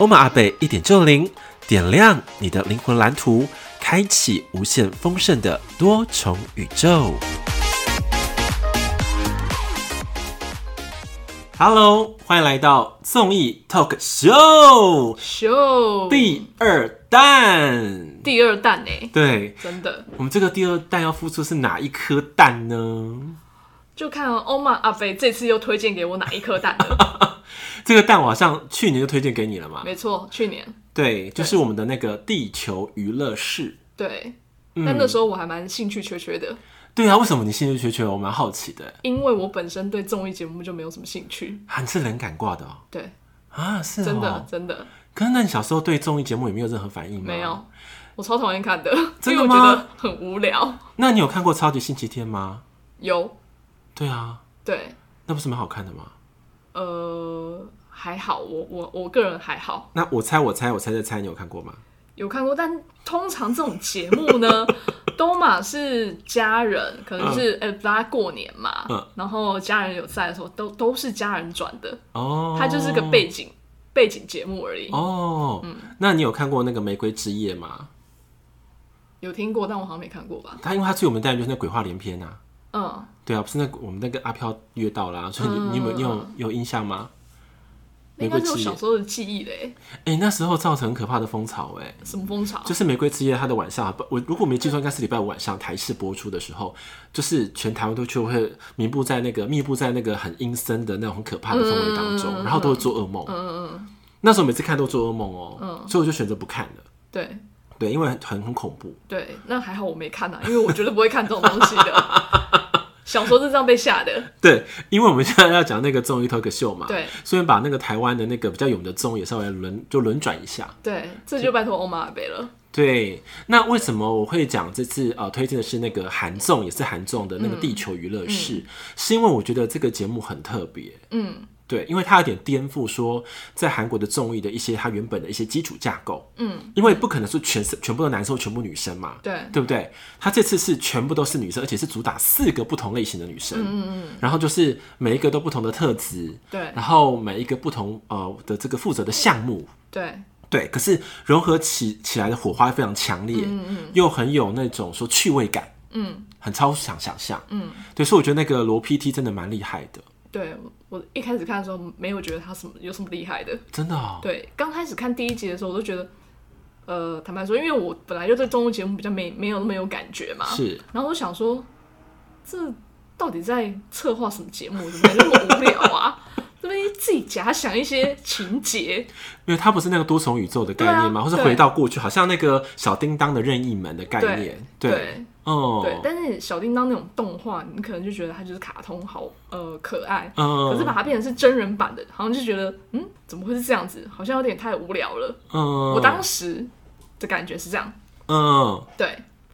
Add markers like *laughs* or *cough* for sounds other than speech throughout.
歐瑪 ㄚ 貝一點就靈，點亮你的靈魂藍圖，開啟無限豐盛的多重宇宙。Hello，歡迎來到綜藝 Talk Show Show 第二彈，第二彈呢、欸？對，真的，我們這個第二彈要付出是哪一顆蛋呢？就看歐、哦、瑪 ㄚ 貝，這次又推薦給我哪一顆蛋？ *laughs* 這個蛋我好像去年就推薦給你了嘛？沒錯，去年。對，就是我們的那個地球娛樂室。對，嗯、但那時候我還蠻興趣缺缺的。對啊，為什麼你興趣缺缺？我蠻好奇的。因為我本身對綜藝節目就沒有什麼興趣。很、啊、是冷感掛的哦、喔。對啊，是嗎真的。真的真的。可是那你小時候對綜藝節目也沒有任何反應嗎？沒有，我超討厭看的。真的嗎？我覺得很無聊。那你有看過《超級星期天》嗎？有。對啊，對，那不是蠻好看的嗎？呃，還好，我我我個人還好。那我猜我猜我猜，我猜這猜，你有看過嗎？有看過，但通常這種節目呢， *laughs* 都嘛是家人，可能、就是哎、呃欸、大家過年嘛，呃、然後家人有在的時候，都都是家人轉的哦。它就是個背景背景節目而已哦。嗯、那你有看過那個《玫瑰之夜》嗎？有聽過，但我好像沒看過吧。他因為他最有名的，就是那鬼話連篇吶、啊。嗯，對啊，不是那個、我們那個阿飄約到啦，所以你，你有你有有印象嗎？嗯、玫瑰之夜小時候的記憶嘞，哎、欸，那時候造成很可怕的風潮哎、欸，什麼風潮？就是玫瑰之夜它的晚上，我如果我沒記錯，應該是禮拜五晚上台視播出的時候，就是全台灣都就會瀰漫在那個密布在那個很陰森的那種很可怕的氛圍當中，嗯、然後都會做噩夢、嗯。嗯嗯，那時候每次看都做噩夢哦、喔，嗯、所以我就選擇不看了。對，對，因為很很恐怖。對，那還好我沒看啊，因為我絕對不會看這種東西的。 *laughs* 小時候是這樣被嚇的。 *laughs* 對，因為我們現在要講那個綜藝脫口秀嘛，對，所以把那個台灣的那個比較有名的綜藝也稍微輪就輪轉一下。對，這就拜托歐瑪 ㄚ 貝了。對，那為什麼我會講這次呃推薦的是那個韓綜，也是韓綜的那個《地球娛樂室》嗯，嗯、是因為我覺得這個節目很特別。嗯。對，因為它有點顛覆，說在韓國的綜藝的一些它原本的一些基礎架構，嗯，因為不可能是全是全部的男生全部女生嘛，對，對不對？它這次是全部都是女生，而且是主打四個不同類型的女生，嗯，嗯嗯，然後就是每一個都不同的特質，對，然後每一個不同呃的這個負責的項目，嗯、對對，可是融合起起來的火花非常強烈，嗯，嗯嗯，又很有那種說趣味感，嗯，很超想想象，嗯，對，所以我覺得那個羅 PT 真的蠻厲害的，對。我一開始看的時候沒有覺得他什麼有什麼厲害的，真的，哦、對，剛開始看第一集的時候，我都覺得，呃，坦白說，因為我本來就對綜藝節目比較沒沒有那麼有感覺嘛，是。然後我想說，這到底在策劃什麼節目？怎麼還那麼無聊啊？ *laughs* 這邊自己假想一些情節，因為他不是那個多重宇宙的概念嘛，啊、或是回到過去，對好像那個小叮當的任意門的概念，對。對對哦，oh. 對，但是小叮噹那種動畫，你可能就覺得它就是卡通，好，呃，可愛。Oh. 可是把它變成是真人版的，好像就覺得，嗯，怎麼會是這樣子？好像有點太無聊了。嗯。Oh. 我當時的感覺是這樣。嗯，oh. 對。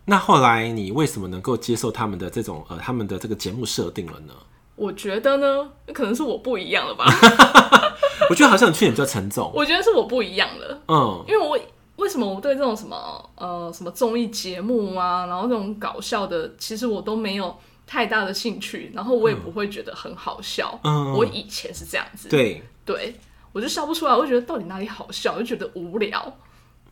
那後來你為什麼能夠接受他們的這種，呃，他們的這個節目設定了呢？我覺得呢，可能是我不一樣了吧。 *laughs* *laughs* 我覺得好像你去年比較沉重。我覺得是我不一樣了。嗯，oh. 因為我。為什麼我對這種什麼呃什麼綜藝節目啊，然後這種搞笑的，其實我都沒有太大的興趣，然後我也不會覺得很好笑。嗯，嗯，我以前是這樣子，對對，我就笑不出來，我就覺得到底哪裡好笑，我就覺得無聊。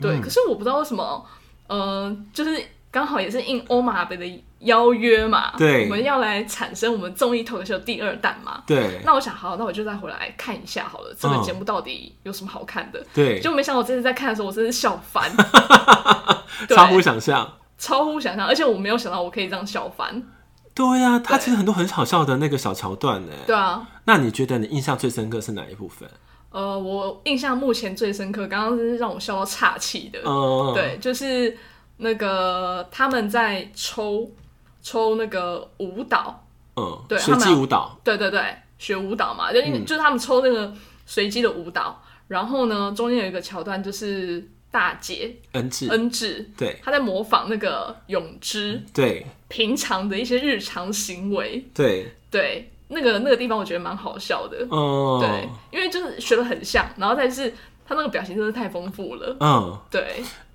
對，嗯，可是我不知道為什麼，嗯，呃，就是。剛好也是應歐瑪的邀約嘛，對，我們要來產生我們綜藝脫口秀第二彈嘛，對。那我想，好、啊，那我就再回來看一下，好了，哦、這個節目到底有什麼好看的？對，就沒想到我這次在看的時候，我真是笑翻， *laughs* 對超乎想象，超乎想象，而且我沒有想到我可以這樣笑翻。對呀、啊，他其實很多很好笑的那個小橋段，呢。對啊。那你覺得你印象最深刻是哪一部分？呃，我印象目前最深刻，剛剛真是讓我笑到岔氣的，嗯、哦，對，就是。那個他們在抽抽那個舞蹈，嗯，對，隨機舞蹈，對對對，學舞蹈嘛，嗯、就就是他們抽那個隨機的舞蹈。然後呢，中間有一個橋段，就是大姐恩智恩智，制制對，他在模仿那個泳姿，對，平常的一些日常行為，對對，那個那個地方我覺得蠻好笑的，哦、嗯，對，因為就是學的很像，然後再是他那個表情真的太豐富了，嗯，對。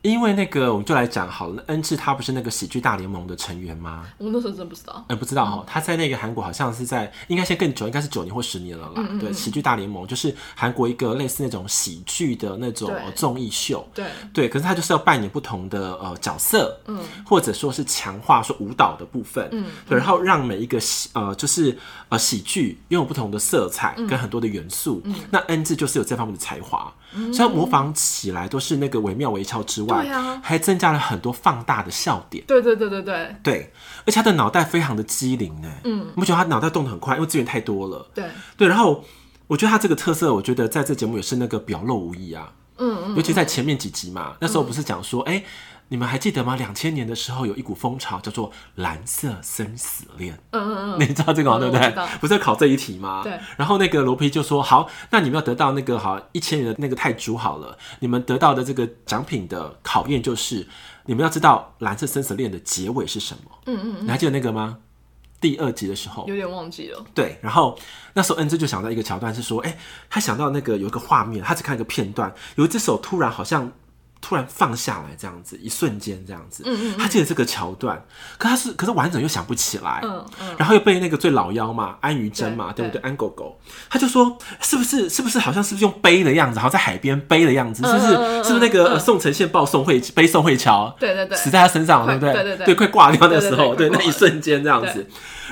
因為那個，我們就來講好了。恩智他不是那個喜劇大聯盟的成員嗎？我們那時候真的不知道。嗯，不知道哈、喔。他在那個韓國好像是在，應該先更久，應該是九年或十年了啦。嗯嗯嗯，對，喜劇大聯盟就是韓國一個類似那種喜劇的那種綜藝秀對。對。對，可是他就是要扮演不同的呃角色，嗯，或者說是強化說舞蹈的部分，嗯，嗯，嗯，然後讓每一個喜呃就是呃喜劇擁有不同的色彩跟很多的元素。嗯嗯嗯，那恩智就是有這方面的才華，嗯嗯嗯，所以模仿起來都是那個惟妙惟肖之。對呀、啊，還增加了很多放大的笑點。對對對對對對，對，而且他的腦袋非常的機靈呢。嗯，我覺得他腦袋動得很快，因為資源太多了。對對，然後我覺得他這個特色，我覺得在這節目也是那個表露無遺啊。嗯，嗯，尤其在前面幾集嘛，那時候不是講說哎。嗯欸你們還記得嗎？兩千年的時候有一股風潮叫做“藍色生死戀”。嗯嗯嗯，你知道這個嗎？對不對？嗯、不是要考這一題嗎？對。然後那個羅皮就說：“好，那你們要得到那個好一千年的那個泰銖好了，你們得到的這個獎品的考驗就是，你們要知道藍色生死戀的結尾是什麼。”嗯,嗯嗯，你還記得那個嗎？第二集的時候有點忘記了。對。然後那時候恩貞就想到一個橋段是說：“哎、欸，他想到那個有一個畫面，他只看一個片段，有一只手突然好像。”突然放下來，這樣子，一瞬間，這樣子，嗯，他記得這個橋段，可他是，可是完整又想不起來，嗯，然後又被那個最老麼嘛，安宥真嘛，對不對？安狗狗，他就說是不是，是不是，好像是不是用背的樣子，然後在海邊背的樣子，是不是，是不是那個宋承憲抱宋慧，背宋慧喬，對對對，死在他身上，對不對？對對對，對，快掛掉的時候，對，那一瞬間這樣子，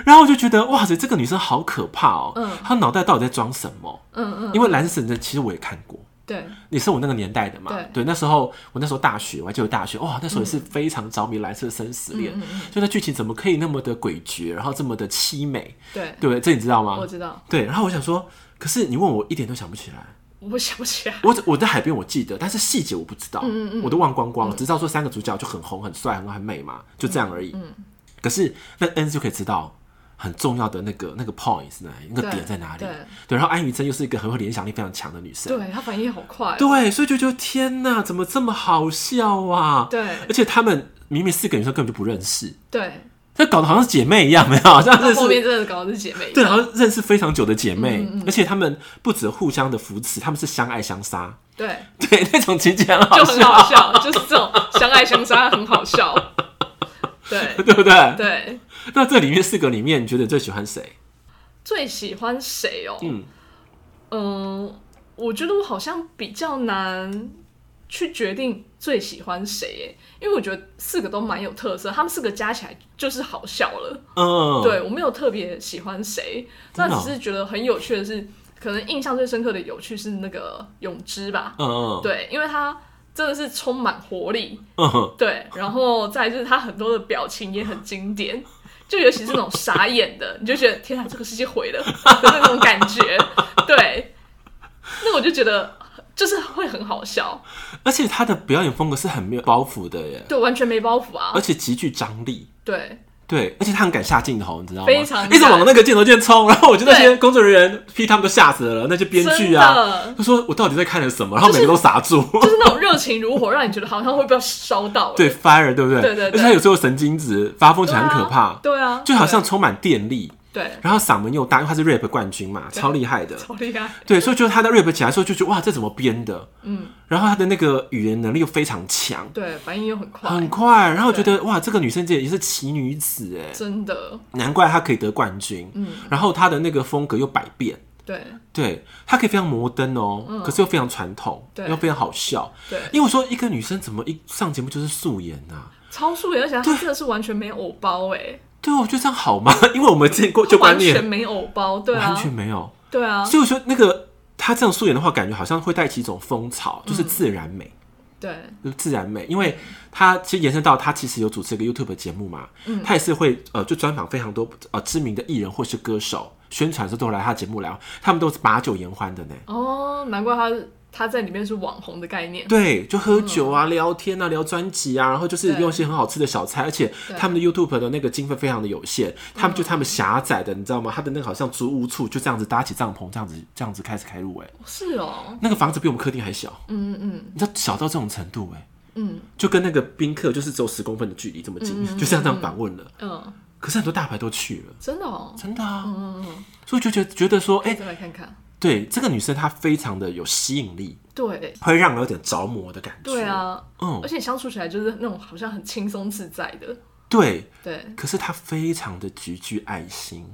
然後我就覺得哇塞，這個女生好可怕哦，她腦袋到底在裝什麼？因為《藍神》的其實我也看過。對，你是我那個年代的嘛？對，對，那時候我那時候大學，我還記得大學，哇，那時候也是非常着迷《藍色的生死戀》嗯，嗯嗯嗯、就那劇情怎麼可以那麼的詭譎，然後這麼的淒美，對，對不對？這你知道嗎？我知道。對，然後我想說，可是你問我一點都想不起來，我想不起來。我我在海邊我記得，但是細節我不知道，嗯嗯嗯、我都忘光光了，嗯、只知道說三個主角就很紅、很帥、很很美嘛，就這樣而已。嗯嗯、可是那恩就可以知道。很重要的那個那個 points 在那個點在哪裡？對，然後安宥真又是一個很有聯想力、非常強的女生，對，她反應好快。對，所以就覺得天哪，怎麼這麼好笑啊？對，而且他們明明四個女生根本就不認識，對，她搞得好像姐妹一樣，沒有像是後面真的搞的是姐妹。對，然後認識非常久的姐妹，而且他們不只互相的扶持，他們是相愛相殺。對對，那種情節就很好笑，就是這種相愛相殺很好笑。對對不對？對。那這裡面四個裡面，你覺得最喜歡誰？最喜歡誰哦、喔？嗯、呃、我覺得我好像比較難去決定最喜歡誰耶，因為我覺得四個都蠻有特色，他們四個加起來就是好笑了。嗯，oh、對，我沒有特別喜歡誰，那、oh、只是覺得很有趣的是，oh、可能印象最深刻的有趣是那個泳知吧。嗯、oh、對，因為他真的是充滿活力。嗯、oh、對，然後再就是他很多的表情也很經典。Oh *laughs* 就尤其是那種傻眼的， *laughs* 你就覺得天啊，這個世界毀了的 *laughs* 那種感覺，對。那我就覺得就是會很好笑，而且他的表演風格是很沒有包袱的耶，對，完全沒包袱啊，而且極具張力，對。對，而且他很敢下鏡頭，你知道嗎？非常，一直往那個鏡頭線衝，然後我覺得那些工作人員 p 對他們都嚇死了。那些編劇啊，他的說我到底在看的什麼？然後每個都傻住、就是，就是那種熱情如火， *laughs* 讓你覺得好像會被燒到。對，fire，對不對？對，對對，而且他有時候神經質、發瘋起來很可怕。對啊，對啊，就好像充滿電力。對對，然後嗓門又大，因為她是 rap 冠軍嘛，超厲害的，超厲害。對，所以就她在 rap 起來的時候，就覺得哇，這怎麼編的？嗯。然後她的那個語言能力又非常強，對，反應又很快，很快。然後覺得哇，這個女生簡直是奇女子哎，真的。難怪她可以得冠軍，嗯。然後她的那個風格又百變，對，對，她可以非常摩登哦，可是又非常傳統，又非常好笑，對。因為我說一個女生怎麼一上節目就是素顏吶，超素顏，而且她真的是完全沒有偶包哎。對，我覺得這樣好嗎？ *laughs* 因為我們見過就觀念完全沒偶包，對、啊，完全沒有，對啊。所以我覺得那個他這樣素顏的話，感覺好像會帶起一種風潮，嗯、就是自然美，對，就自然美。因為他其實延伸到他其實有主持一個 YouTube 節目嘛，嗯，他也是會呃就專訪非常多呃知名的藝人或是歌手，宣傳的時候都會來他節目聊，他們都是把酒言歡的呢。哦，難怪他。他在裡面是網紅的概念，對，就喝酒啊，聊天啊，聊專輯啊，然後就是用一些很好吃的小菜，而且他們的 YouTube 的那個經費非常的有限，他們就他們狹窄的，你知道嗎？他的那個好像租屋處就這樣子搭起帳篷，這樣子這樣子開始開錄。哎，是哦，那個房子比我們客廳還小，嗯嗯，你知道小到這種程度，哎，嗯，就跟那個賓客就是只有十公分的距離這麼近，就這樣這樣訪問了，嗯，可是很多大牌都去了，真的哦，真的啊，嗯嗯嗯，所以就覺得覺得說，哎，再來看看。對，這個女生，她非常的有吸引力，對，會讓人有點着魔的感覺。對啊，嗯，而且相處起來就是那種好像很輕鬆自在的。對對，對可是她非常的極具愛心，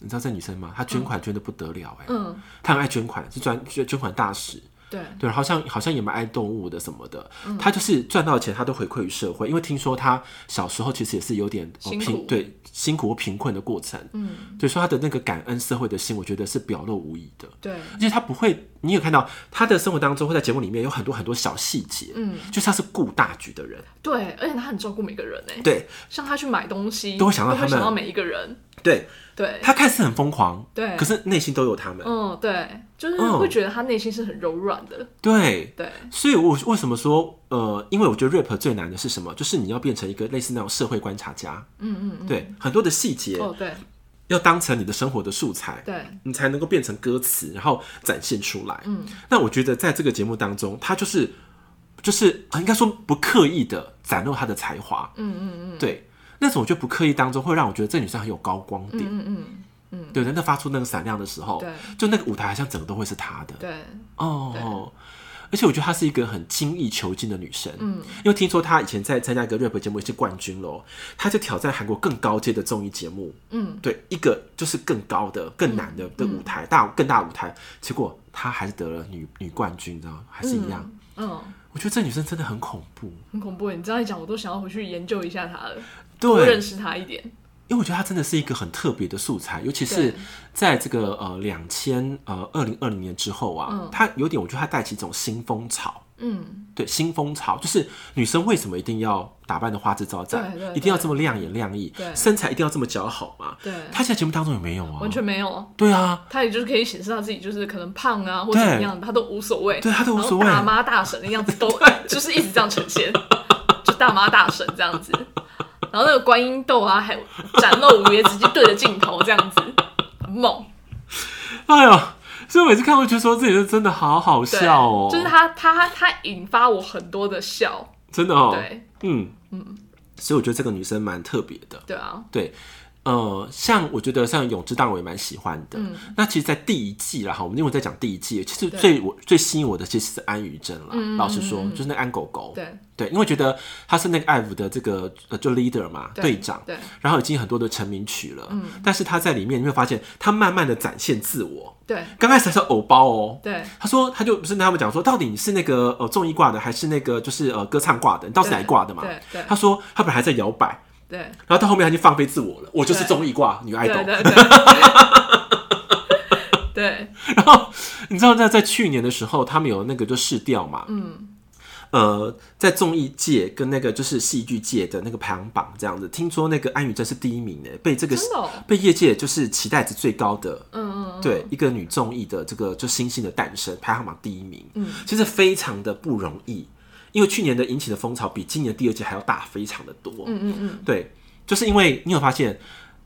你知道這女生嗎？她捐款捐的不得了，欸，嗯，她很愛捐款，是捐捐款大使。對對，好像好像也蠻愛動物的什麼的，嗯、他就是賺到錢，他都回饋於社會。因為聽說他小時候其實也是有點辛苦、哦、貧，對辛苦貧困的過程，嗯，所以說他的那個感恩社會的心，我覺得是表露無遺的。對、嗯，而且他不會，你有看到他的生活當中，會在節目裡面有很多很多小細節，嗯，就是他是顧大局的人。對，而且他很照顧每個人誒。對，像他去買東西，都會想到他們，想到每一個人。對。對他看似很瘋狂，對，可是內心都有他們。嗯，對，就是會覺得他內心是很柔軟的。對、oh, 對，對所以我為什麼說，呃，因為我覺得 rap 最難的是什麼？就是你要變成一個類似那種社會觀察家。嗯嗯嗯。對，很多的細節，對，要當成你的生活的素材，哦、對，你才能夠變成歌詞，然後展現出來。嗯，那我覺得在這個節目當中，他就是就是應該說不刻意的展露他的才華。嗯,嗯嗯嗯，對。那是我就不刻意當中會讓我覺得這女生很有高光點，嗯嗯嗯，嗯嗯對，在那發出那個閃亮的時候，對，就那個舞台好像整個都會是她的，對，哦、oh, 對，而且我覺得她是一個很精益求精的女生，嗯，因為聽說她以前在參加一個 rap 節目是冠軍咯、喔，她就挑戰韓國更高階的綜藝節目，嗯，對，一個就是更高的、更難的、嗯、的舞台，大更大舞台，結果她還是得了女女冠軍，你知道嗎？還是一樣，嗯，嗯我覺得這女生真的很恐怖，很恐怖，你知道，一講，我都想要回去研究一下她了。對，認識他一點，因為我覺得他真的是一個很特別的素材，尤其是在這個呃兩千呃二零二零年之後啊，他有點我覺得他帶起一種新風潮，嗯，對新風潮就是女生為什麼一定要打扮的花枝招展，對對，一定要這麼亮眼亮麗，對身材一定要這麼姣好嘛？對，他在節目當中也沒有啊，完全沒有，對啊，他也就是可以顯示他自己就是可能胖啊或怎麼樣他都無所謂，對，他都無所謂，大媽大嬸的樣子都就是一直這樣呈現，就大媽大嬸這樣子。然後那個觀音豆啊，還展露無遺，直接對着鏡頭這樣子很猛。哎呀，所以我每次看我，覺得說自己真的好好笑哦。就是他，他，他引發我很多的笑，真的哦。對，嗯嗯，嗯，所以我覺得這個女生蠻特別的。對啊，對。呃，像我覺得像永之大，我也蠻喜歡的。那其實，在第一季啦，哈，我們因為在講第一季，其實最我最吸引我的其實是安宥真了。老實說，就是那安狗狗，對對，因為覺得他是那個 IVE 的這個就 leader 嘛，隊長，對。然後已經很多的成名曲了，但是他在裡面，你會發現他慢慢的展現自我。對，剛開始還是偶包哦。對，他說他就不是跟他們講說，到底你是那個呃綜藝掛的，還是那個就是呃歌唱掛的，你到底是哪一掛的嘛？對，他說他本來還在搖擺。對，然後到後面他就放飛自我了，我就是綜藝掛女愛豆。對對，然後你知道，在在去年的時候，他們有那個就市調嘛，嗯，呃，在綜藝界跟那個就是戲劇界的那個排行榜這樣子，聽說那個安宥真是第一名呢，被這個的被業界就是期待值最高的，嗯嗯，對，嗯、一個女綜藝的這個就新星的誕生，排行榜第一名，嗯，其實非常的不容易。因為去年的引起的風潮比今年第二季還要大，非常的多。嗯嗯嗯，對，就是因為你有發現，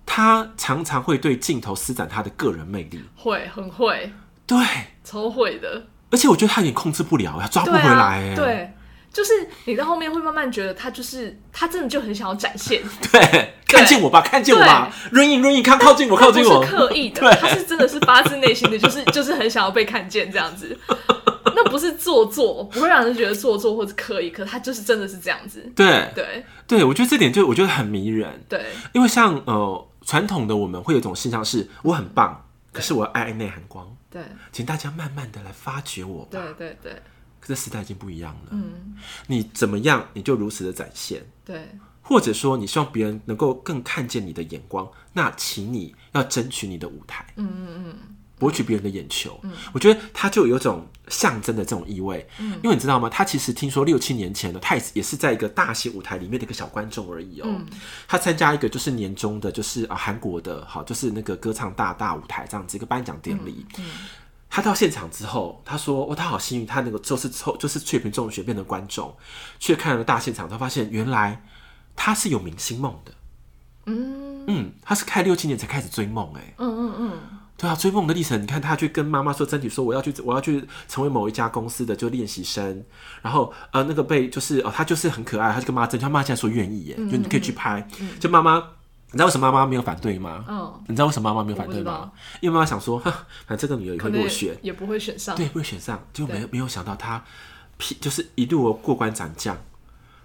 他常常會對鏡頭施展他的個人魅力，會很會，對，超會的。而且我覺得他有點控制不了，他抓不回來。對，就是你在後面會慢慢覺得他就是他真的就很想要展現，對，看見我吧，看見我吧，Rainy，Rainy，看靠近我，靠近我，不是刻意的，他是真的是發自內心的，就是就是很想要被看見這樣子。 *laughs* 那不是做作，不會讓人覺得做作或者刻意，可他就是真的是這樣子。對對對，我覺得這點就我覺得很迷人。對，因為像呃傳統的我們會有一種現象是，我很棒，對可是我要愛愛內涵光。對，請大家慢慢的來發掘我吧。對對對。可是時代已經不一樣了。嗯。你怎麼樣，你就如此的展現。對。或者說，你希望別人能夠更看見你的眼光，那請你要爭取你的舞台。嗯嗯嗯。博取別人的眼球，嗯、我覺得他就有一種象徵的這種意味。嗯、因為你知道嗎？他其實聽說六七年前呢，他也也是在一個大型舞台裡面的一個小觀眾而已哦、喔。他參、嗯、加一個就是年終的，就是啊韓國的，好就是那個歌唱大大舞台這樣子一個頒獎典禮。他、嗯嗯、到現場之後，他說：“哇，他好幸運，他那個就是抽就是翠屏、就是、中學變的觀眾，去看了大現場。他發現原來他是有明星夢的。嗯”嗯他是開六七年才開始追夢哎、欸嗯。嗯嗯嗯。對啊，追夢的歷程，你看他去跟媽媽說，真的說我要去，我要去成為某一家公司的就練習生，然後呃，那個被就是哦，他就是很可愛，他就跟媽媽爭，他媽竟然說願意耶，嗯、就你可以去拍，嗯、就媽媽，你知道為什麼媽媽沒有反對嗎？嗯、哦，你知道為什麼媽媽沒有反對嗎？因為媽媽想說，哈、啊，這個女兒也會落選，也不會選上，對，不會選上，就沒對沒有想到她批就是一路過關斬將。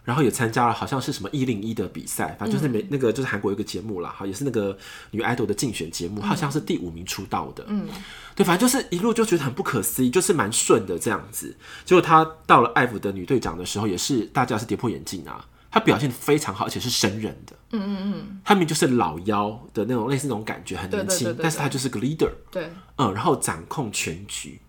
然後也參加了，好像是什麼一零一的比賽，反正就是沒、嗯、那個就是韓國一個節目啦。哈，也是那個女 idol 的競選節目，嗯、好像是第五名出道的，嗯，對，反正就是一路就覺得很不可思議，就是蠻順的這樣子。結果她到了 IVE 的女隊長的時候，也是大家是跌破眼鏡啊，她表現非常好，而且是神人的，嗯嗯嗯，明、嗯、明、嗯、就是老妖的那種類似那種感覺，很年輕，但是她就是個 leader，對，嗯，然後掌控全局。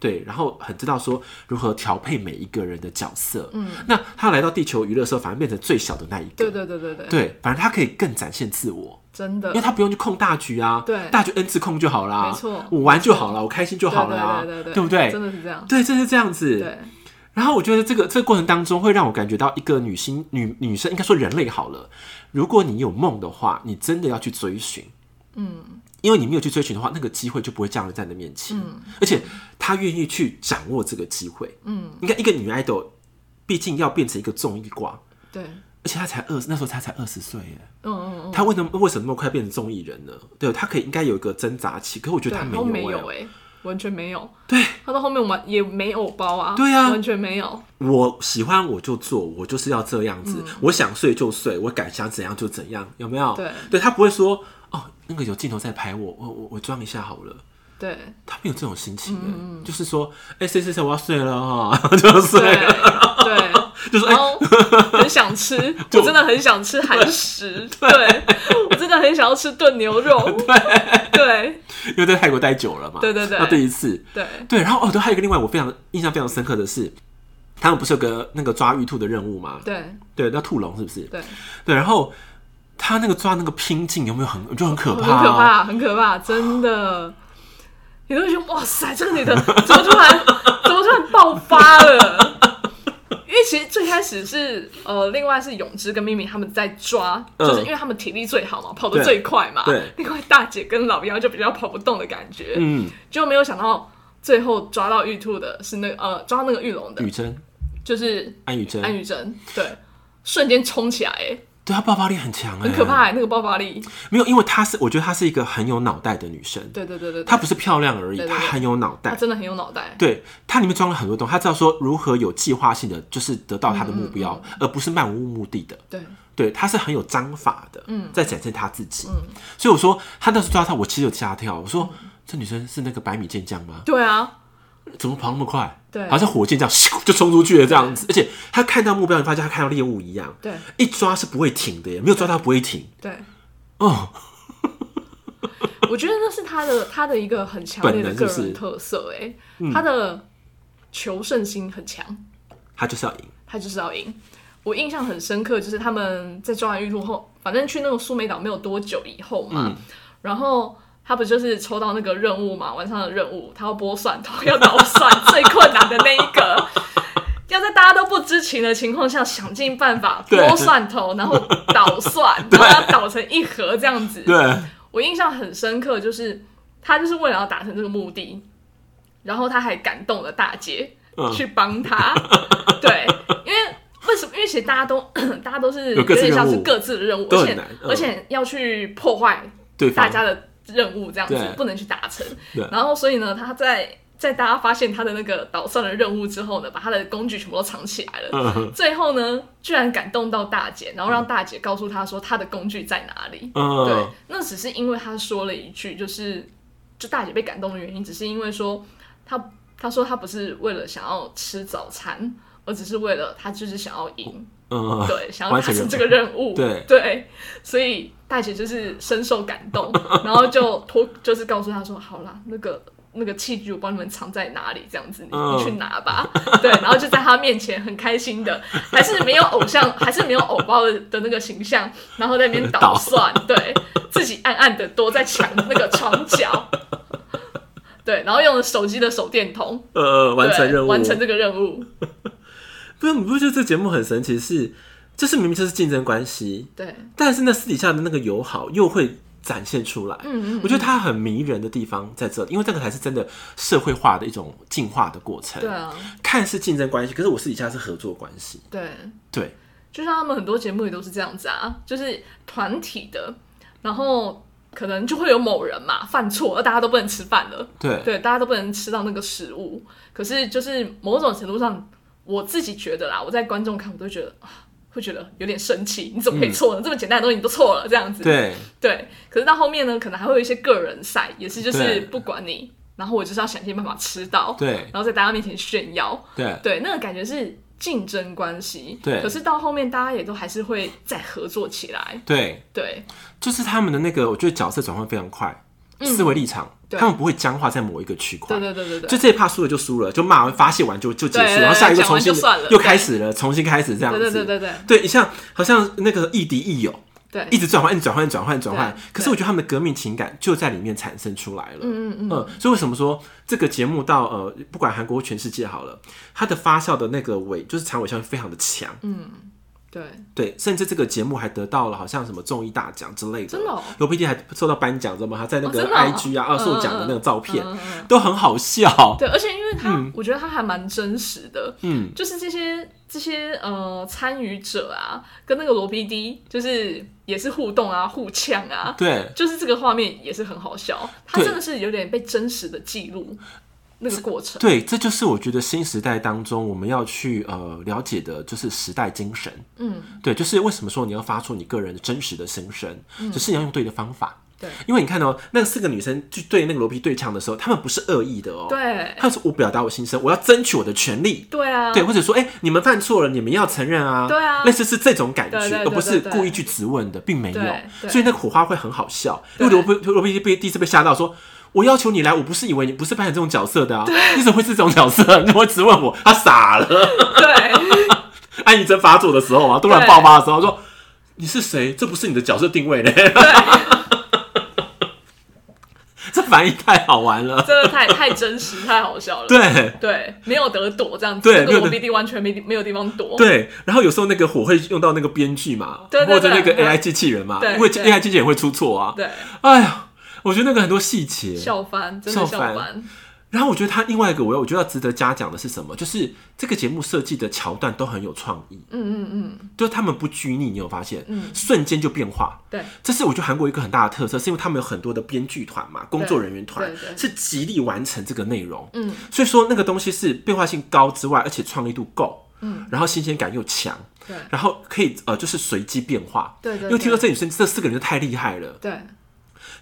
對，然後很知道說如何調配每一個人的角色。嗯，那他來到地球娛樂時候，反而變成最小的那一個。對對對對對。反正他可以更展現自我，真的，因為他不用去控大局啊。對，大局 N 次控就好啦，沒錯，我玩就好了，我開心就好了，對不對？真的是這樣。對，真是這樣子。對。然後我覺得這個這個過程當中，會讓我感覺到一個女星、女女生，應該說人類好了。如果你有夢的話，你真的要去追尋。嗯。因為你沒有去追尋的話，那個機會就不會降臨在你的面前。嗯、而且他願意去掌握這個機會。嗯，你看一個女 idol，畢竟要變成一個綜藝掛，對，而且她才二十，那時候她才二十歲耶。嗯嗯她、嗯、為什麼為什麼那麼快變成綜藝人呢？對，她可以應該有一個掙扎期，可是我覺得她沒有，哎、欸，完全沒有。對，她到後面我們也沒有偶包啊，對啊，完全沒有。我喜歡我就做，我就是要這樣子，嗯嗯我想睡就睡，我敢想怎樣就怎樣，有沒有？對，對他不會說。哦，那個有鏡頭在拍我，我我我裝一下好了。對，他沒有這種心情的，就是說，哎，誰誰我要睡了哈，就睡了。對，就是說，很想吃，我真的很想吃韓食。對，我真的很想要吃燉牛肉。對，因為在泰國待久了嘛。對對對。第一次。對對，然後哦，對，還有一個另外我非常印象非常深刻的是，他們不是有個那個抓玉兔的任務嗎？對對，那兔籠是不是？對對，然後。他那個抓那個拼勁有沒有很就很可怕啊？很可怕，很可怕，真的。你都會覺得哇塞，這個女的怎麼突然 *laughs* 怎麼突然爆發了？因為其實最開始是呃，另外是永之跟咪咪他們在抓，呃、就是因為他們體力最好嘛，對跑得最快嘛。對。另外大姐跟老幺就比較跑不動的感覺。嗯。就沒有想到最後抓到玉兔的是那個、呃抓到那個玉龍的雨珍真，就是安雨珍，安雨珍對，瞬間衝起來。對，她爆發力很強哎，很可怕，那個爆發力沒有，因為她是，我覺得她是一個很有腦袋的女生。對，對對對對，她不是漂亮而已，對對對她很有腦袋，她真的很有腦袋。對，她裡面裝了很多東西，她知道說如何有計劃性的，就是得到她的目標，嗯嗯嗯嗯，而不是漫無、無目的的。對對，她是很有章法的，嗯，在展現她自己。嗯，所以我說她當時抓到她，我其實有嚇跳，我說這女生是那個百米健將嗎？對啊，怎麼跑那麼快？對好像火箭這樣，咻就衝出去了這樣子，對而且他看到目標，你發現他看到獵物一樣，對，一抓是不會停的耶，沒有抓到他不會停，對，哦，oh. *laughs* 我覺得那是他的他的一個很強烈的個人特色，的就是嗯、他的求勝心很強，他就是要贏，他就是要贏。我印象很深刻，就是他們在抓完玉兔後，反正去那個蘇梅島沒有多久以後嘛，嗯、然後。他不就是抽到那個任務嘛，晚上的任務，他要剝蒜頭，要搗蒜，最困難的那一個， *laughs* 要在大家都不知情的情況下，想盡辦法剝蒜頭，對然後搗蒜，對然後要搗成一盒這樣子。對，我印象很深刻，就是他就是為了要達成這個目的，然後他還感動了大姐去幫他。嗯、 *laughs* 對，因為為什麼？因為其實大家都大家都是有點像是各自的任務，任務而且、嗯、而且要去破壞大家的。任務這樣子對不能去達成，對然後所以呢，他在在大家發現他的那個島上的任務之後呢，把他的工具全部都藏起來了。Uh huh. 最後呢，居然感動到大姐，然後讓大姐告訴他說他的工具在哪裡。Uh huh. 對，那只是因為他說了一句，就是就大姐被感動的原因，只是因為說他他說他不是為了想要吃早餐。我只是為了他，就是想要贏，嗯、對，想要完成這個任務，任務對，對，所以大姐就是深受感動， *laughs* 然後就托就是告訴他說：“好啦，那個那個器具我幫你們藏在哪裡，這樣子你去拿吧。嗯”對，然後就在他面前很開心的， *laughs* 還是沒有偶像，還是沒有偶包的的那個形象，然後在那邊搗蒜，倒對，自己暗暗的躲在牆那個床角， *laughs* 對，然後用手機的手電筒，呃，對完成任務，完成這個任務。你不覺得這節目很神奇是？是就是明明就是競爭關係，對，但是那私底下的那個友好又會展現出來。嗯，嗯嗯，我覺得它很迷人的地方在這，因為這個才是真的社會化的一種進化的過程。對啊，看似競爭關係，可是我私底下是合作關係。對對，對就像他們很多節目也都是這樣子啊，就是團體的，然後可能就會有某人嘛犯錯，而大家都不能吃飯了。對對，大家都不能吃到那個食物，可是就是某種程度上。我自己覺得啦，我在觀眾看，我都覺得啊，會覺得有點生氣。你怎麼可以錯呢？嗯，這麼簡單的東西你都錯了，這樣子。對對。可是到後面呢，可能還會有一些個人賽，也是就是不管你，對然後我就是要想盡辦法吃到。對。然後在大家面前炫耀。對。對，那個感覺是競爭關係。對。可是到後面，大家也都還是會再合作起來。對。對。就是他們的那個，我覺得角色轉換非常快。思維立場，他們不會僵化在某一個區塊。對對對對，就這一趴輸了就輸了，就罵完發洩完就就結束，然後下一個重新又開始了，重新開始這樣子。對對對對對，對像，好像那個亦敵亦友，對，一直轉換、轉換、轉換、轉換。可是我覺得他們的革命情感就在裡面產生出來了。嗯嗯嗯。嗯，所以為什麼說這個節目到呃，不管韓國或全世界好了，它的發酵的那個尾就是長尾效應非常的強。嗯。對對，甚至這個節目還得到了好像什麼綜藝大獎之類的，真的哦、羅 PD 還受到頒獎，知道嗎？他在那個 IG 啊，二度獎的那個照片、嗯嗯嗯嗯、都很好笑。對，而且因為他，嗯、我覺得他還蠻真實的，嗯，就是這些這些呃參與者啊，跟那個羅 PD 就是也是互動啊，互嗆啊，對，就是這個畫面也是很好笑，他真的是有點被真實的記錄。那個過程，對，這就是我覺得新時代當中我們要去呃了解的，就是時代精神。嗯，對，就是為什麼說你要發出你個人真實的心聲，只是你要用對的方法。對，因為你看哦，那四個女生去對那個羅皮對唱的時候，他們不是惡意的哦。對，他是我表達我心聲，我要爭取我的權利。對啊，對，或者說，哎，你們犯錯了，你們要承認啊。對啊，類似是這種感覺，而不是故意去質問的，並沒有。所以那火花會很好笑，因為羅皮羅皮被第一次被嚇到說。我要求你來，我不是以為你不是扮演這種角色的啊！你怎麼會是這種角色？你會質問我，他傻了。對，安以真發作的時候啊，突然爆發的時候，說你是誰？這不是你的角色定位嘞！這反應太好玩了，真的太太真實，太好笑了。對對，沒有得躲這樣子，我 bd 完全沒沒有地方躲。對，然後有時候那個火會用到那個編劇嘛，或者那個 AI 機器人嘛，因為 AI 機器人會出錯啊。對，哎呀。我覺得那個很多細節，笑翻，真的笑翻。然後我覺得他另外一個我要我覺得要值得嘉獎的是什麼？就是這個節目設計的橋段都很有創意。嗯嗯嗯，就是他們不拘泥，你有發現？嗯，瞬間就變化。對，這是我覺得韓國一個很大的特色，是因為他們有很多的編劇團嘛，工作人員團是極力完成這個內容。嗯，所以說那個東西是變化性高之外，而且創意度夠。嗯，然後新鮮感又強。對，然後可以呃，就是隨機變化。對，因為聽說這女生這四個人就太厲害了。對。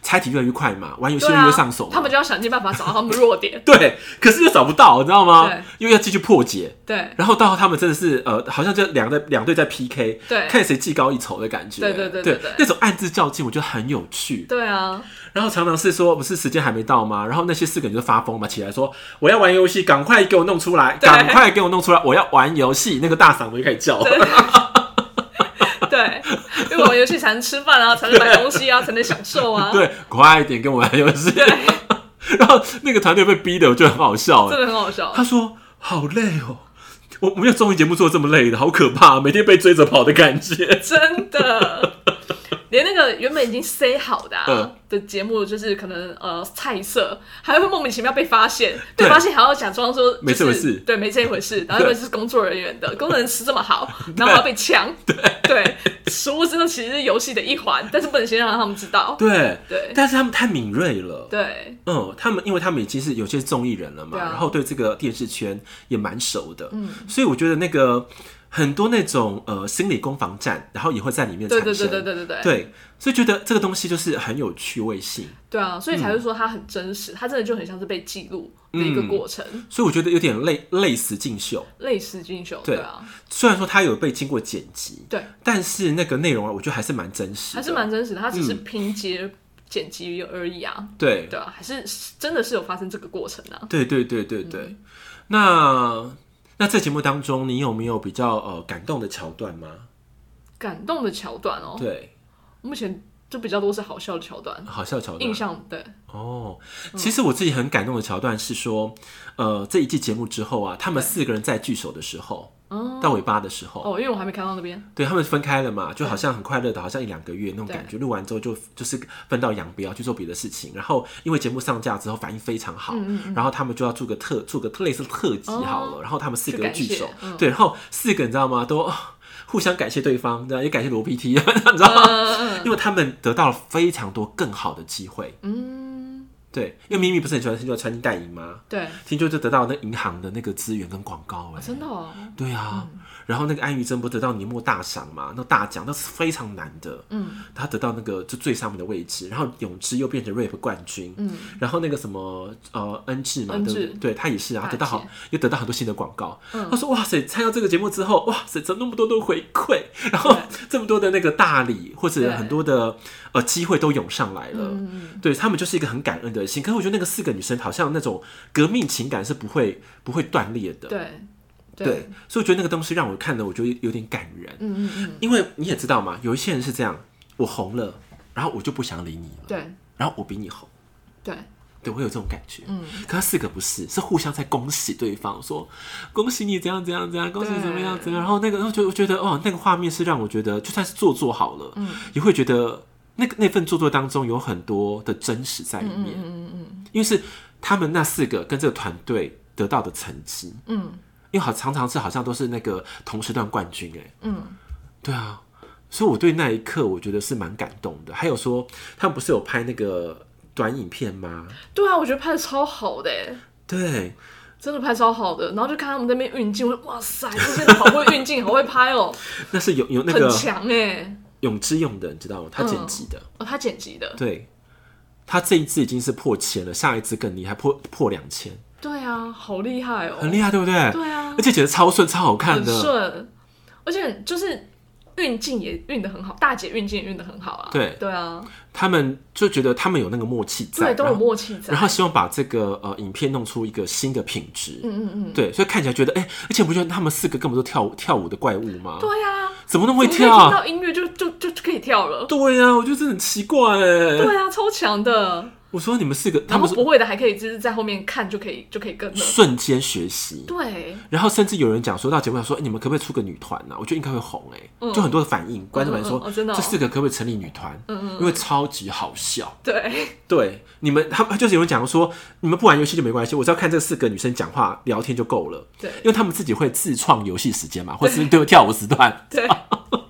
猜題越來越快嘛，玩遊戲越來越上手，啊，他們就要想盡辦法找到他們弱點。 *laughs* 對，可是又找不到，你知道嗎？對因為要繼續破解。對，然後到後他們真的是呃，好像就兩個兩隊在 PK，對，看誰技高一籌的感覺。對對對對、對、對、對，那種暗自較勁，我覺得很有趣。對啊，然後常常是說，不是時間還沒到嗎？然後那些四個人就發瘋嘛，起來說我要玩遊戲，趕快給我弄出來，趕對快給我弄出來，我要玩遊戲。那個大嗓門就開始叫。對 *laughs* 對，因為玩遊戲才能吃飯啊，才能買東西啊，對才能享受啊。對，快點跟我們玩遊戲。對 *laughs* 然後那個團隊被逼的我就很好笑，真的很好笑。他說：“好累哦，我我沒有綜藝節目做這麼累的，好可怕啊，每天被追着跑的感覺。”真的。 *laughs* 連那個原本已經塞好的啊的節目，就是可能呃菜色，還會莫名其妙被發現，對，發現還要假裝說沒這回事，對沒這一回事。然後因為是工作人員的，工作人員吃這麼好，然後還要被搶，對對，食物真的其實是遊戲的一環，但是不能先讓他們知道。對對，但是他們太敏銳了。對，嗯，他們因為他們已經是有些綜藝人了嘛，然後對這個電視圈也蠻熟的。嗯，所以我覺得那個。很多那種呃心理攻防戰，然後也會在裡面產生。對對對對對對對,對,對。所以覺得這個東西就是很有趣味性。對啊，所以才會說它很真實，嗯、它真的就很像是被記錄的一個過程、嗯。所以我覺得有點類類似競秀。類似競秀，秀對,對啊。雖然說它有被經過剪輯，對，但是那個內容啊，我覺得還是蠻真實。還是蠻真實的，它只是拼接剪輯而已啊。嗯、對的、啊，還是真的是有發生這個過程的、啊。對,對對對對對，嗯、那。那在節目當中，你有沒有比較呃感動的橋段嗎？感動的橋段哦，段喔，對，目前。就比較多是好笑的橋段，好笑的橋段，印象對哦。其實我自己很感動的橋段是說，呃，這一季節目之後啊，他們四個人在聚首的時候，到尾巴的時候哦，因為我還沒看到那邊，對他們分開了嘛，就好像很快樂的，好像一兩個月那種感覺。錄完之後就就是分道揚鑣去做別的事情，然後因為節目上架之後反應非常好，然後他們就要做個特做個類似的特輯好了，然後他們四個人聚首，對，然後四個你知道嗎？都。互相感謝對方，對吧？也感謝羅 P T，你知道嗎？Uh、因為他們得到了非常多更好的機會。嗯、uh。對，因為咪咪不是很喜歡聽說穿金戴銀嗎？對，聽說就得到那銀行的那個資源跟廣告哎、欸哦，真的哦。對啊，嗯、然後那個安宥真不得到年末大賞嘛，那個、大獎那是非常難的。嗯，他得到那個就最上面的位置，然後泳知又變成 rap 冠軍。嗯，然後那個什麼呃恩智嘛，恩智對他也是啊，學得到好又得到很多新的廣告。嗯、他說哇塞，參加這個節目之後，哇塞，怎麼那麼多的回饋，然後這麼多的那個大禮對或者很多的。呃，機會都湧上來了，嗯嗯。對，他們就是一個很感恩的心。可是我覺得那個四個女生好像那種革命情感是不會不會斷裂的。對對，對，所以我覺得那個東西讓我看的，我覺得有點感人。嗯嗯。因為你也知道嘛，有一些人是這樣，我紅了，然後我就不想理你了。對，然後我比你紅。對對，我有這種感覺。嗯，可是四個不是，是互相在恭喜對方說，說恭喜你這樣這樣，怎樣這樣，恭喜你怎麼樣怎樣。然後那個，然後就覺得哦，那個畫面是讓我覺得就算是做做好了，你、嗯、會覺得。那個那份著作當中有很多的真實在裡面，嗯嗯、嗯、嗯因為是他們那四個跟這個團隊得到的成績，嗯，因為好常常是好像都是那個同時段冠軍、欸，哎，嗯，對啊，所以我對那一刻我覺得是蠻感動的。還有說他們不是有拍那個短影片嗎？對啊，我覺得拍得超好的、欸，對，真的拍超好的。然後就看他們那邊運鏡，我說哇塞，這些好會運鏡 *laughs* 好會拍哦、喔，那是有有那個很強哎、欸。永之永的，你知道嗎？他剪輯的、嗯、哦，他剪輯的。對，他這一次已經是破千了，下一次更厲害，破破兩千。對啊，好厲害哦，很厲害，對不對？對啊，而且剪得超順，超好看的順，而且就是。運鏡也運的很好，大姐運鏡也運的很好啊。對對啊，他們就覺得他們有那個默契在，對，都有默契在，然後，然後希望把這個呃影片弄出一個新的品質。嗯嗯嗯，對，所以看起來覺得哎、欸，而且不覺得他們四個根本都跳舞跳舞的怪物嗎？對呀、啊，怎麼那麼會跳啊？聽到音樂就就就可以跳了。對呀、啊，我覺得真的很奇怪哎、欸。對啊，超強的。我說你們四個，他們不會的還可以，就是在後面看就可以，就可以更瞬間學習。對，然後甚至有人講說到節目上說、欸，你們可不可以出個女團呢、啊？我覺得應該會紅哎、欸。嗯、就很多的反應，觀眾們說嗯嗯、哦、真的、哦，這四個可不可以成立女團？嗯，嗯嗯，因為超級好笑。對對，你們他們就是有人講說，你們不玩遊戲就沒關係，我只要看這四個女生講話聊天就夠了。對，因為他們自己會自創遊戲時間嘛，或者是對跳舞時段。對。對 *laughs*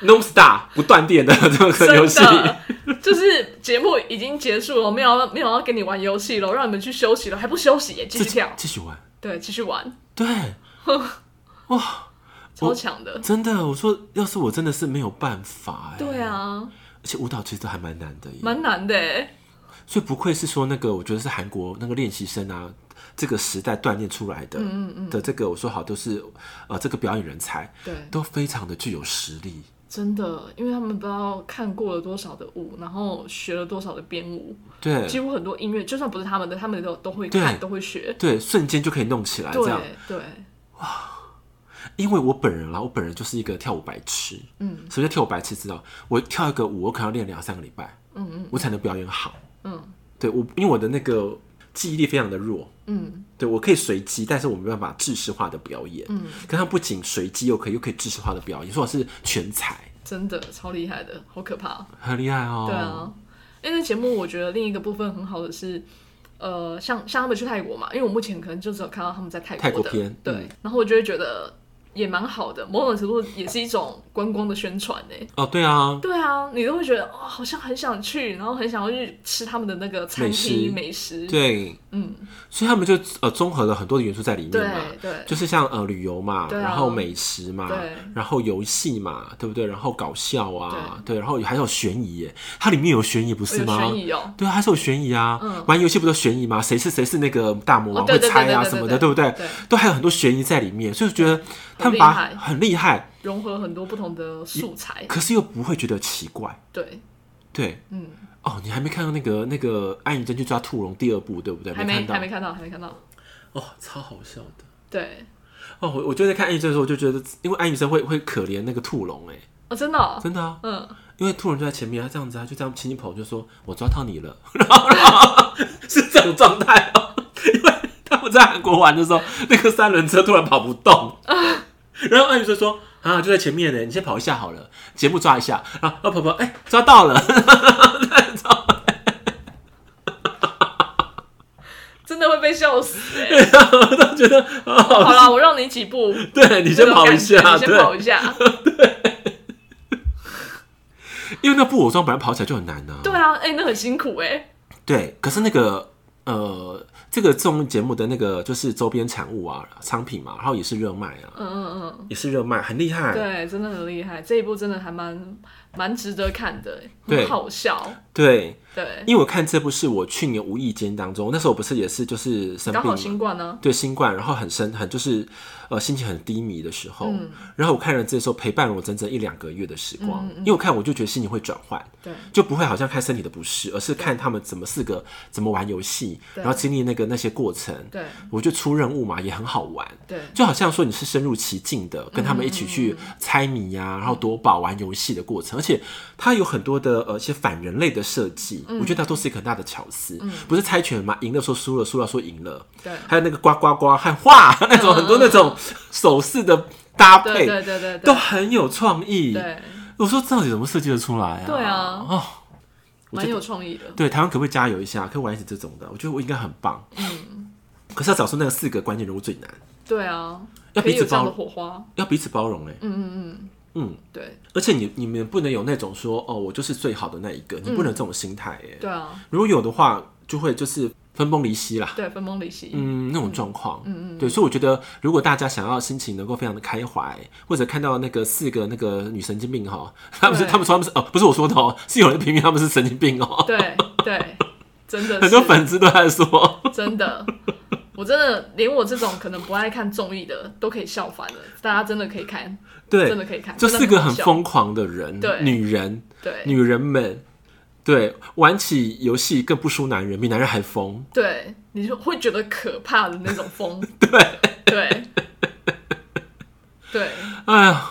No Star 不斷電的這個遊戲，就是節目已經結束了，沒有要沒有要跟你玩遊戲了，讓你們去休息了，還不休息耶？繼續跳，繼續玩？對，繼續玩？對， *laughs* 哇，超強的，真的。我說，要是我真的是沒有辦法，哎，對啊，而且舞蹈其實都還蠻難的，蠻難的，哎。所以不愧是說那個，我覺得是韓國那個練習生啊，這個時代鍛鍊出來的，嗯嗯嗯的這個，我說好都是呃這個表演人才，對，都非常的具有實力。真的，因為他們不知道看過了多少的舞，然後學了多少的編舞，對，幾乎很多音樂，就算不是他們的，他們都都會看，對都會學，對，瞬間就可以弄起來，這樣，對，對哇，因為我本人啦，我本人就是一個跳舞白痴，嗯，什麼叫跳舞白痴？知道，我跳一個舞，我可能要練兩三個禮拜，嗯嗯，我才能表演好，嗯，對我，因為我的那個。記憶力非常的弱，嗯，對我可以隨機，但是我沒辦法制式化的表演，嗯，可他不僅隨機，又可以又可以制式化的表演，說我是全才，真的超厲害的，好可怕，很厲害哦，對啊，因為那節目我覺得另一個部分很好的是，呃，像像他們去泰國嘛，因為我目前可能就只有看到他們在泰國的，泰國片對，嗯，然後我就會覺得。也蠻好的，某種程度也是一種觀光的宣傳呢。哦，對啊，對啊，你都會覺得哦，好像很想去，然後很想要去吃他們的那個餐食美食。對，嗯，所以他們就呃綜合了很多的元素在裡面嘛，對，就是像呃旅遊嘛，然後美食嘛，然後遊戲嘛，對不對？然後搞笑啊，對，然後還有懸疑，它裡面有懸疑不是嗎？對，還是有懸疑啊，玩遊戲不都懸疑嗎？誰是誰是那個大魔王會猜啊什麼的，對不對？都還有很多懸疑在裡面，所以覺得。很厲害，很厲害，融合很多不同的素材，可是又不會覺得奇怪。對，對，嗯，哦，你還沒看到那個那個安以真去抓兔龍第二部，對不對？還沒，還沒看到，還沒看到。哦，超好笑的。對，哦，我我在看安以珍的時候，我就覺得，因為安以珍會會可憐那個兔龍，哎，哦，真的，真的，嗯，因為兔龍就在前面，他這樣子他就這樣輕輕跑，就說我抓到你了，然後，然後，是這種狀態哦。因為他們在韓國玩的時候，那個三輪車突然跑不動。然後阿姨就說：“啊，就在前面呢，你先跑一下好了，節目抓一下啊啊，跑跑哎，抓到了，呵呵真的會被笑死哎，欸、我都覺得、啊哦、好了，我讓你幾步，是對你先跑一下，因為那步，布偶裝本來跑起來就很難的、啊，對啊，哎、欸，那很辛苦哎，對，可是那個呃。”這個綜藝節目的那個就是周邊產物啊，商品嘛，然後也是熱賣啊，嗯嗯嗯，也是熱賣，很厲害，對，真的很厲害，這一部真的還蠻蠻值得看的，對，很好笑。對，對，因為我看這部，是我去年無意間當中，那時候我不是也是就是生病，新冠呢，對，新冠，然後很生很就是呃心情很低迷的時候，然後我看了這時候陪伴了我整整一兩個月的時光，因為我看我就覺得心情會轉換，對，就不會好像看身體的不適，而是看他們怎麼四個怎麼玩遊戲，然後經歷那個那些過程，對，我就出任務嘛也很好玩，對，就好像說你是深入其境的跟他們一起去猜謎呀，然後奪寶玩遊戲的過程，而且他有很多的呃一些反人類的設計，我覺得它都是一個很大的巧思，不是猜拳嗎？贏了說輸了，輸了說贏了，對。還有那個呱呱呱喊話那種，很多那種手勢的搭配，對對對，都很有創意。對，我說到底怎麼設計得出來啊？對啊，哦，蠻有創意的。對，台灣可不可以加油一下？可以玩一些這種的，我覺得我應該很棒。嗯，可是要找出那四個關鍵人物最難。對啊，要彼此包容，要彼此包容哎，嗯嗯。嗯，對，而且你你們不能有那種說哦，我就是最好的那一個，你不能這種心態，耶、嗯。對啊，如果有的話，就會就是分崩離析啦，對，分崩離析，嗯，那種狀況，嗯嗯，對，所以我覺得，如果大家想要心情能夠非常的開懷、嗯嗯，或者看到那個四個那個女神經病哈，他們是對他們說他們是哦，不是我說的哦，是有人批評他們是神經病哦，對對，真的是，很多粉絲都在說，真的。我真的連我這種可能不愛看綜藝的都可以笑翻了，大家真的可以看，對，真的可以看，就四個很瘋狂的人，的對，女人，對，女人們，對，玩起遊戲更不輸男人，比男人還瘋，對，你就會覺得可怕的那種瘋， *laughs* 對，對， *laughs* 對，哎呀。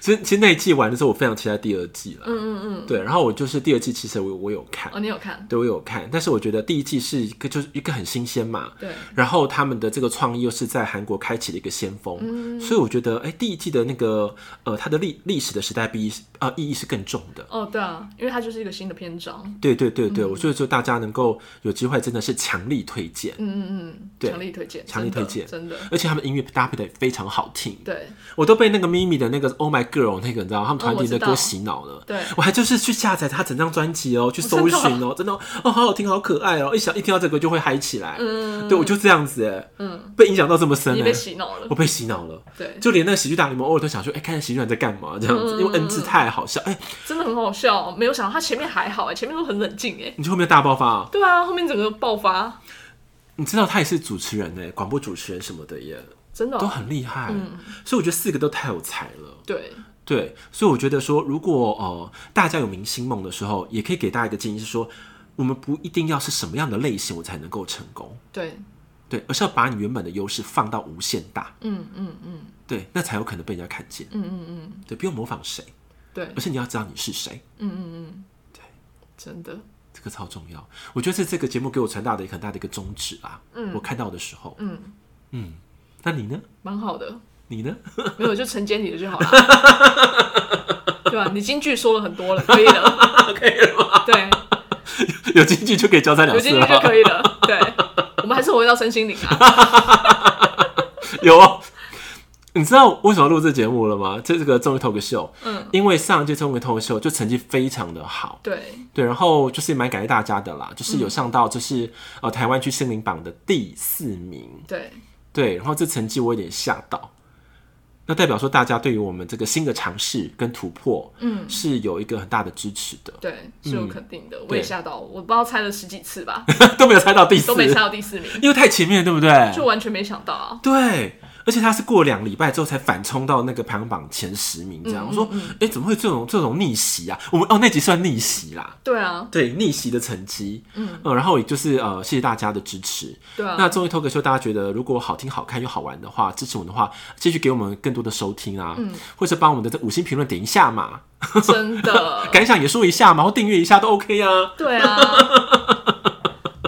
其實其實那一季完的時候，我非常期待第二季了。嗯嗯嗯，對。然後我就是第二季，其實我我有看。哦，你有看？對，我有看。但是我覺得第一季是一個就是一個很新鮮嘛。對。然後他們的這個創意又是在韓國開啟的一個先鋒。所以我覺得，哎，第一季的那個呃，它的歷歷史的時代比呃意義是更重的。哦，對啊，因為它就是一個新的篇章。對對對對，我覺得就大家能夠有機會，真的是強力推薦。嗯嗯嗯，強力推薦，強力推薦，真的。而且他們音樂搭配的也非常好聽。對。我都被那個咪咪的那個 Oh My。Girl 那個你知道他們團體在歌洗腦了。對，我還就是去下載他整張專輯哦，去搜尋哦，真的哦，好好聽，好可愛哦，一想一聽到這個歌就會嗨起來，嗯，對我就這樣子，嗯，被影響到這麼深。你被洗腦了？我被洗腦了，對。就連那個喜劇大聯盟偶爾都想說，哎，看看喜劇團在幹嘛這樣子。因為恩地太好笑，哎，真的很好笑。沒有想到他前面還好，哎，前面都很冷靜，哎，你就後面大爆發。對啊，後面整個爆發。你知道他也是主持人呢，廣播主持人什麼的真的都很厲害，所以我覺得四個都太有才了。對對，所以我覺得說，如果呃大家有明星夢的時候，也可以給大家一個建議，是說我們不一定要是什麼樣的類型我才能夠成功。對對，而是要把你原本的優勢放到無限大。嗯嗯嗯，對，那才有可能被人家看見。嗯嗯嗯，對，不用模仿誰。對，而且你要知道你是誰。嗯嗯嗯，對，真的這個超重要。我覺得是這個節目給我傳達的一個很大的一個宗旨啊。嗯，我看到的時候，嗯嗯。那你呢？蠻好的。你呢？沒有，就承接你的就好了。對吧？你金句說了很多了，可以了，可以了嗎？對，有金句就可以交差，兩次有金句就可以了。對，我們還是回到身心靈啊。有，你知道為什麼錄這節目了嗎？這是個綜藝 Talk Show。嗯。因為上一屆綜藝 Talk Show 就成績非常的好。對。對，然後就是蠻感謝大家的啦，就是有上到就是呃台灣區心靈榜的第四名。對。對，然後這成績我有點嚇到，那代表說大家對於我們這個新的嘗試跟突破，嗯，是有一個很大的支持的，對，是有肯定的。嗯、我也嚇到，對我不知道猜了十幾次吧， *laughs* 都沒有猜到第四，都沒猜到第四名，因為太前面了，對不對？就完全沒想到啊，對。而且他是過兩禮拜之後才反衝到那個排行榜前十名，這樣。嗯、我說，哎、嗯嗯欸，怎麼會這種這種逆襲啊？我們哦，那集算逆襲啦。對啊，對逆襲的成績。嗯，嗯，然後也就是呃，謝謝大家的支持。對、啊，那綜藝 Talk Show，大家覺得如果好聽、好看又好玩的話，支持我們的話，繼續給我們更多的收聽啊，嗯，或者是幫我們的五星評論點一下嘛。真的， *laughs* 感想也說一下嘛，或訂閱一下都 OK 啊。對啊。 *laughs*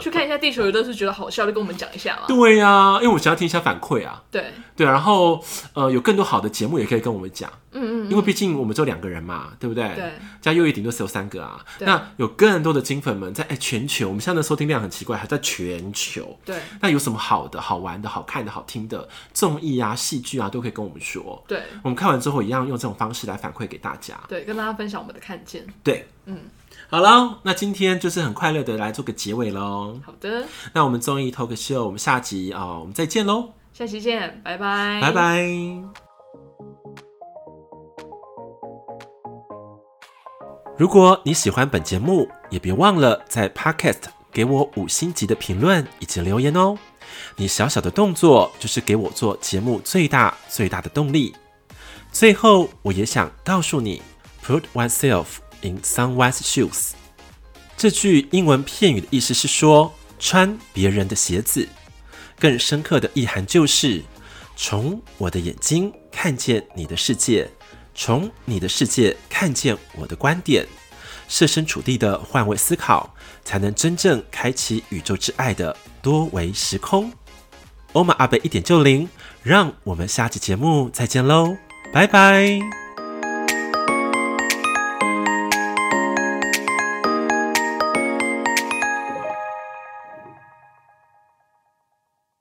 去看一下地球，也都是覺得好笑，就跟我們講一下嘛。對呀，因為我想要聽一下反饋啊。對對，然後呃，有更多好的節目也可以跟我們講。嗯嗯，因為畢竟我們只有兩個人嘛，對不對？對。加右翼頂多只有三個啊。那有更多的金粉們在哎全球，我們現在的收聽量很奇怪，還在全球。對。那有什麼好的、好玩的、好看的好聽的綜藝啊、戲劇啊，都可以跟我們說。對。我們看完之後，一樣用這種方式來反饋給大家。對，跟大家分享我們的看見。對，嗯。好了，那今天就是很快樂的來做個結尾嘍。好的，那我們綜藝 Talk Show 我們下集啊，我們再見嘍！下期見，拜拜！拜拜 Bye bye！如果你喜歡本節目，也別忘了在 Podcast 給我五星級的評論以及留言哦、喔。你小小的動作就是給我做節目最大最大的動力。最後，我也想告訴你，Put oneself in someone's shoes。這句英文片語的意思是說，穿別人的鞋子，更深刻的意涵就是從我的眼睛看見你的世界，從你的世界看見我的觀點，設身處地的換位思考，才能真正開啟宇宙之愛的多維時空。歐瑪阿貝一點就靈，讓我們下集節目再見嘍，拜拜。